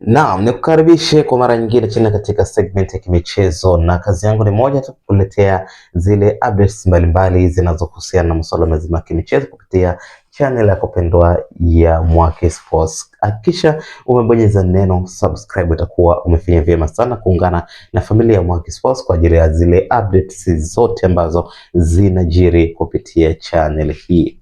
Naam, nikukaribishe kwa mara nyingine tena katika segment ya kimichezo, na kazi yangu ni moja tu, kukuletea zile updates mbalimbali zinazohusiana na masuala mazima ya kimichezo kupitia channel ya kupendwa ya Mwaki Sports. Hakikisha umebonyeza neno subscribe, utakuwa umefanya vyema sana kuungana na familia ya Mwaki Sports kwa ajili ya zile updates zote ambazo zinajiri kupitia channel hii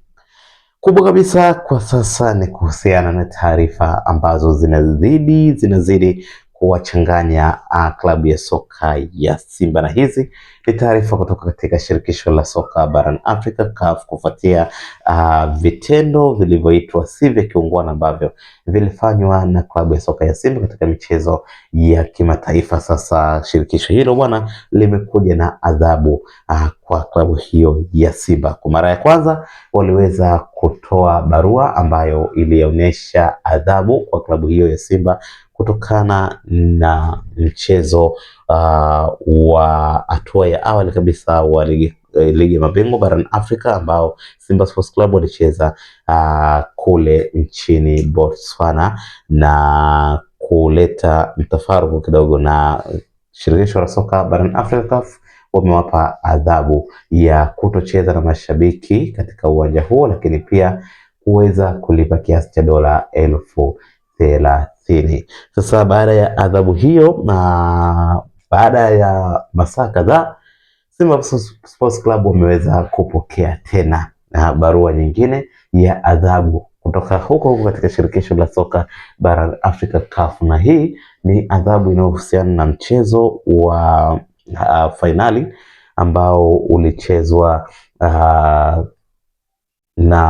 kubwa kabisa kwa sasa ni kuhusiana na taarifa ambazo zinazidi zinazidi kuwachanganya uh, klabu ya soka ya Simba. Na hizi ni taarifa kutoka katika shirikisho la soka barani Afrika CAF, kufuatia uh, vitendo vilivyoitwa si vya kiungwana ambavyo vilifanywa na klabu ya soka ya Simba katika michezo ya kimataifa. Sasa shirikisho hilo bwana limekuja na adhabu uh, kwa klabu hiyo ya Simba. Kwa mara ya kwanza waliweza kutoa barua ambayo ilionyesha adhabu kwa klabu hiyo ya Simba kutokana na mchezo uh, wa hatua ya awali kabisa wa ligi eh, ligi ya mabingwa barani Afrika ambao Simba Sports Club walicheza uh, kule nchini Botswana na kuleta mtafaruku kidogo, na shirikisho la soka barani Afrika CAF wamewapa adhabu ya kutocheza na mashabiki katika uwanja huo, lakini pia kuweza kulipa kiasi cha dola elfu thelathini thelathini. Sasa baada ya adhabu hiyo na baada ya masaa kadhaa, Simba Sports Club wameweza kupokea tena na barua nyingine ya adhabu kutoka huko huko katika shirikisho la soka barani Afrika CAF, na hii ni adhabu inayohusiana na mchezo wa uh, ah, fainali ambao ulichezwa uh, na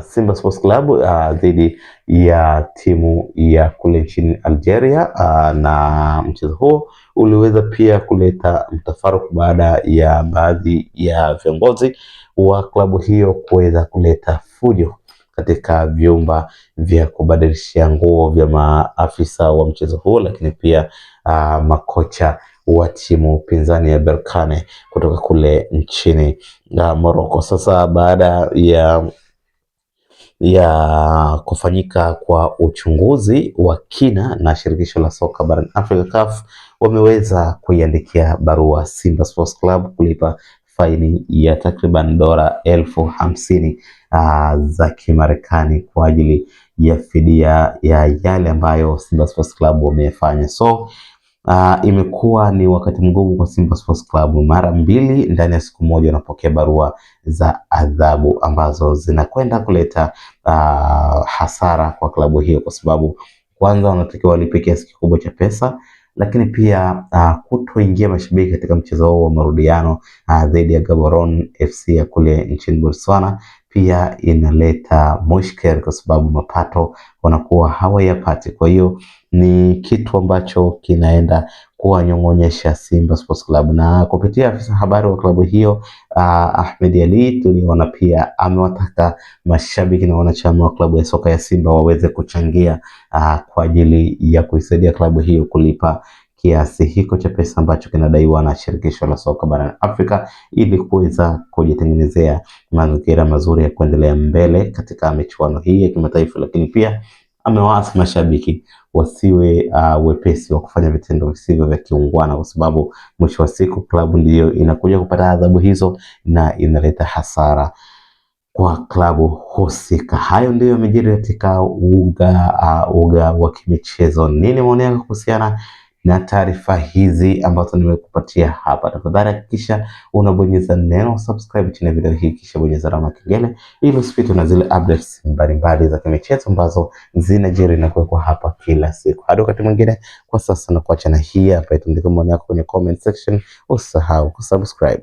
Simba Sports Club uh, dhidi ya timu ya kule nchini Algeria uh, na mchezo huo uliweza pia kuleta mtafaruku baada ya baadhi ya viongozi wa klabu hiyo kuweza kuleta fujo katika vyumba vya kubadilishia nguo vya maafisa wa mchezo huo, lakini pia uh, makocha wa timu pinzani ya Berkane kutoka kule nchini uh, Morocco. Sasa baada ya ya kufanyika kwa uchunguzi wa kina na shirikisho la soka barani Afrika CAF wameweza kuiandikia barua Simba Sports Club kulipa faini ya takriban dola elfu hamsini uh, za Kimarekani kwa ajili ya fidia ya yale ambayo Simba Sports Club wamefanya. So Uh, imekuwa ni wakati mgumu kwa Simba Sports Club. Mara mbili ndani ya siku moja wanapokea barua za adhabu ambazo zinakwenda kuleta uh, hasara kwa klabu hiyo, kwa sababu kwanza wanatakiwa walipe kiasi kikubwa cha pesa, lakini pia uh, kutoingia mashabiki katika mchezo huo wa marudiano dhidi uh, ya Gaborone FC ya kule nchini Botswana pia inaleta mushkeli kwa sababu mapato wanakuwa hawayapati. Kwa hiyo ni kitu ambacho kinaenda kuwanyong'onyesha Simba Sports Club, na kupitia afisa habari wa klabu hiyo uh, Ahmed ali tuliona pia amewataka mashabiki na wanachama wa klabu ya soka ya Simba waweze kuchangia uh, kwa ajili ya kuisaidia klabu hiyo kulipa kiasi hiko cha pesa ambacho kinadaiwa na shirikisho la soka barani Afrika ili kuweza kujitengenezea mazingira mazuri ya kuendelea mbele katika michuano hii ya kimataifa, lakini pia amewaasa mashabiki wasiwe uh, wepesi wa kufanya vitendo visivyo vya kiungwana, kwa sababu mwisho wa siku klabu ndiyo inakuja kupata adhabu hizo na inaleta hasara kwa klabu husika. Hayo ndiyo yamejiri katika uga uh, uga wa kimichezo. Nini maoni yako kuhusiana na taarifa hizi ambazo nimekupatia hapa. Tafadhali hakikisha unabonyeza neno subscribe chini ya video hii, kisha bonyeza alama kengele ili usipitwe na zile updates mbalimbali za kimichezo ambazo zinajiri na kuwekwa hapa kila siku. Hadi wakati mwingine, kwa sasa na kuacha na hii hapa, itundike maoni yako kwenye comment section, usahau kusubscribe.